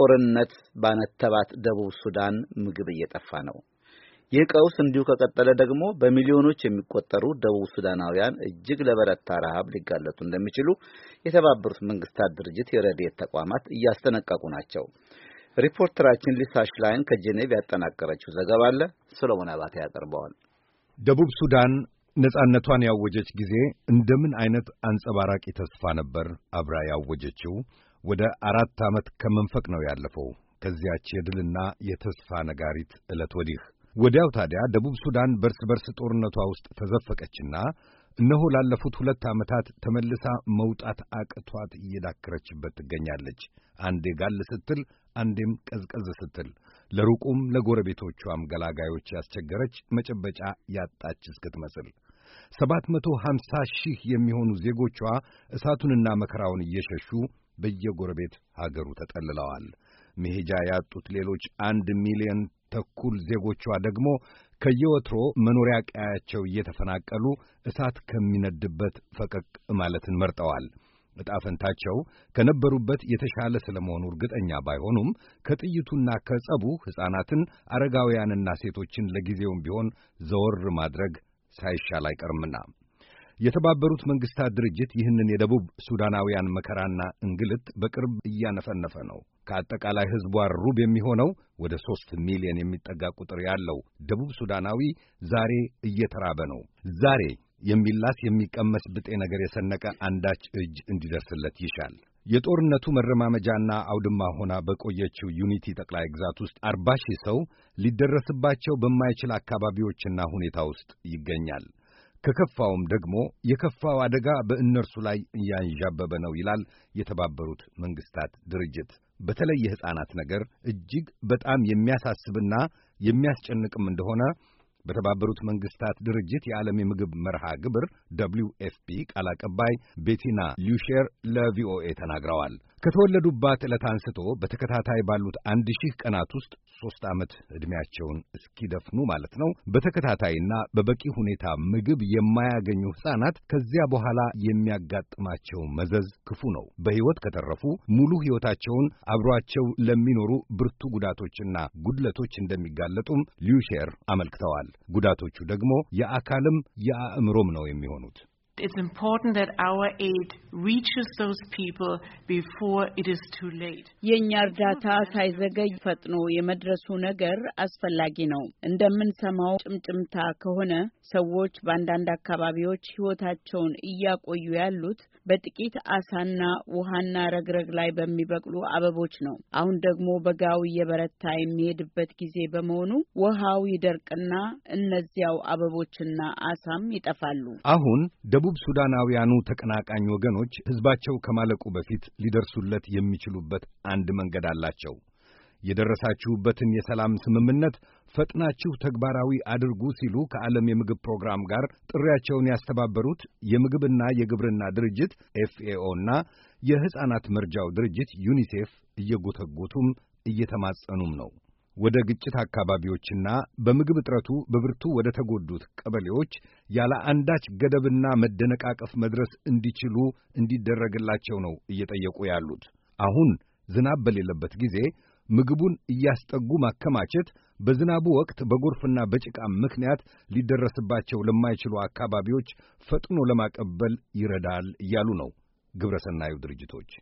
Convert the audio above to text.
ጦርነት ባነተባት ደቡብ ሱዳን ምግብ እየጠፋ ነው። ይህ ቀውስ እንዲሁ ከቀጠለ ደግሞ በሚሊዮኖች የሚቆጠሩ ደቡብ ሱዳናውያን እጅግ ለበረታ ረሃብ ሊጋለጡ እንደሚችሉ የተባበሩት መንግስታት ድርጅት የረድኤት ተቋማት እያስጠነቀቁ ናቸው። ሪፖርተራችን ሊሳ ሽላይን ከጄኔቭ ያጠናቀረችው ዘገባ አለ፣ ሰሎሞን አባተ ያቀርበዋል። ደቡብ ሱዳን ነጻነቷን ያወጀች ጊዜ እንደምን አይነት አንጸባራቂ ተስፋ ነበር አብራ ያወጀችው። ወደ አራት ዓመት ከመንፈቅ ነው ያለፈው ከዚያች የድልና የተስፋ ነጋሪት ዕለት ወዲህ። ወዲያው ታዲያ ደቡብ ሱዳን በርስ በርስ ጦርነቷ ውስጥ ተዘፈቀችና እነሆ ላለፉት ሁለት ዓመታት ተመልሳ መውጣት አቅቷት እየዳከረችበት ትገኛለች። አንዴ ጋል ስትል፣ አንዴም ቀዝቀዝ ስትል፣ ለሩቁም ለጎረቤቶቿም ገላጋዮች ያስቸገረች መጨበጫ ያጣች እስክትመስል ሰባት መቶ ሀምሳ ሺህ የሚሆኑ ዜጎቿ እሳቱንና መከራውን እየሸሹ በየጎረቤት ሀገሩ ተጠልለዋል። መሄጃ ያጡት ሌሎች አንድ ሚሊዮን ተኩል ዜጎቿ ደግሞ ከየወትሮ መኖሪያ ቀያቸው እየተፈናቀሉ እሳት ከሚነድበት ፈቀቅ ማለትን መርጠዋል። እጣፈንታቸው ከነበሩበት የተሻለ ስለመሆኑ እርግጠኛ ባይሆኑም ከጥይቱና ከጸቡ ሕፃናትን አረጋውያንና ሴቶችን ለጊዜውም ቢሆን ዘወር ማድረግ ሳይሻል አይቀርምና የተባበሩት መንግስታት ድርጅት ይህንን የደቡብ ሱዳናውያን መከራና እንግልት በቅርብ እያነፈነፈ ነው። ከአጠቃላይ ሕዝቧ ሩብ የሚሆነው ወደ ሦስት ሚሊዮን የሚጠጋ ቁጥር ያለው ደቡብ ሱዳናዊ ዛሬ እየተራበ ነው። ዛሬ የሚላስ የሚቀመስ ብጤ ነገር የሰነቀ አንዳች እጅ እንዲደርስለት ይሻል። የጦርነቱ መረማመጃና አውድማ ሆና በቆየችው ዩኒቲ ጠቅላይ ግዛት ውስጥ አርባ ሺህ ሰው ሊደረስባቸው በማይችል አካባቢዎችና ሁኔታ ውስጥ ይገኛል። ከከፋውም ደግሞ የከፋው አደጋ በእነርሱ ላይ እያንዣበበ ነው ይላል የተባበሩት መንግስታት ድርጅት። በተለይ የሕፃናት ነገር እጅግ በጣም የሚያሳስብና የሚያስጨንቅም እንደሆነ በተባበሩት መንግስታት ድርጅት የዓለም የምግብ መርሃ ግብር ደብሊው ኤፍፒ ቃል አቀባይ ቤቲና ሊሼር ለቪኦኤ ተናግረዋል። ከተወለዱባት ዕለት አንስቶ በተከታታይ ባሉት አንድ ሺህ ቀናት ውስጥ ሦስት ዓመት ዕድሜያቸውን እስኪደፍኑ ማለት ነው በተከታታይና በበቂ ሁኔታ ምግብ የማያገኙ ሕፃናት ከዚያ በኋላ የሚያጋጥማቸው መዘዝ ክፉ ነው። በሕይወት ከተረፉ ሙሉ ሕይወታቸውን አብሯቸው ለሚኖሩ ብርቱ ጉዳቶችና ጉድለቶች እንደሚጋለጡም ሊዩሼር አመልክተዋል። ጉዳቶቹ ደግሞ የአካልም የአእምሮም ነው የሚሆኑት። it's important that our aid reaches those people before it is too late. የኛ እርዳታ ሳይዘገይ ፈጥኖ የመድረሱ ነገር አስፈላጊ ነው። እንደምንሰማው ጭምጭምታ ከሆነ ሰዎች በአንዳንድ አካባቢዎች ሕይወታቸውን እያቆዩ ያሉት በጥቂት አሳና ውሃና ረግረግ ላይ በሚበቅሉ አበቦች ነው። አሁን ደግሞ በጋው እየበረታ የሚሄድበት ጊዜ በመሆኑ ውሃው ይደርቅና እነዚያው አበቦችና አሳም ይጠፋሉ። አሁን ደቡብ ሱዳናውያኑ ተቀናቃኝ ወገኖች ህዝባቸው ከማለቁ በፊት ሊደርሱለት የሚችሉበት አንድ መንገድ አላቸው። የደረሳችሁበትን የሰላም ስምምነት ፈጥናችሁ ተግባራዊ አድርጉ ሲሉ ከዓለም የምግብ ፕሮግራም ጋር ጥሪያቸውን ያስተባበሩት የምግብና የግብርና ድርጅት ኤፍኤኦና የሕፃናት መርጃው ድርጅት ዩኒሴፍ እየጎተጎቱም እየተማጸኑም ነው። ወደ ግጭት አካባቢዎችና በምግብ እጥረቱ በብርቱ ወደ ተጎዱት ቀበሌዎች ያለ አንዳች ገደብና መደነቃቀፍ መድረስ እንዲችሉ እንዲደረግላቸው ነው እየጠየቁ ያሉት። አሁን ዝናብ በሌለበት ጊዜ ምግቡን እያስጠጉ ማከማቸት በዝናቡ ወቅት በጎርፍና በጭቃ ምክንያት ሊደረስባቸው ለማይችሉ አካባቢዎች ፈጥኖ ለማቀበል ይረዳል እያሉ ነው ግብረ ሰናዩ ድርጅቶች።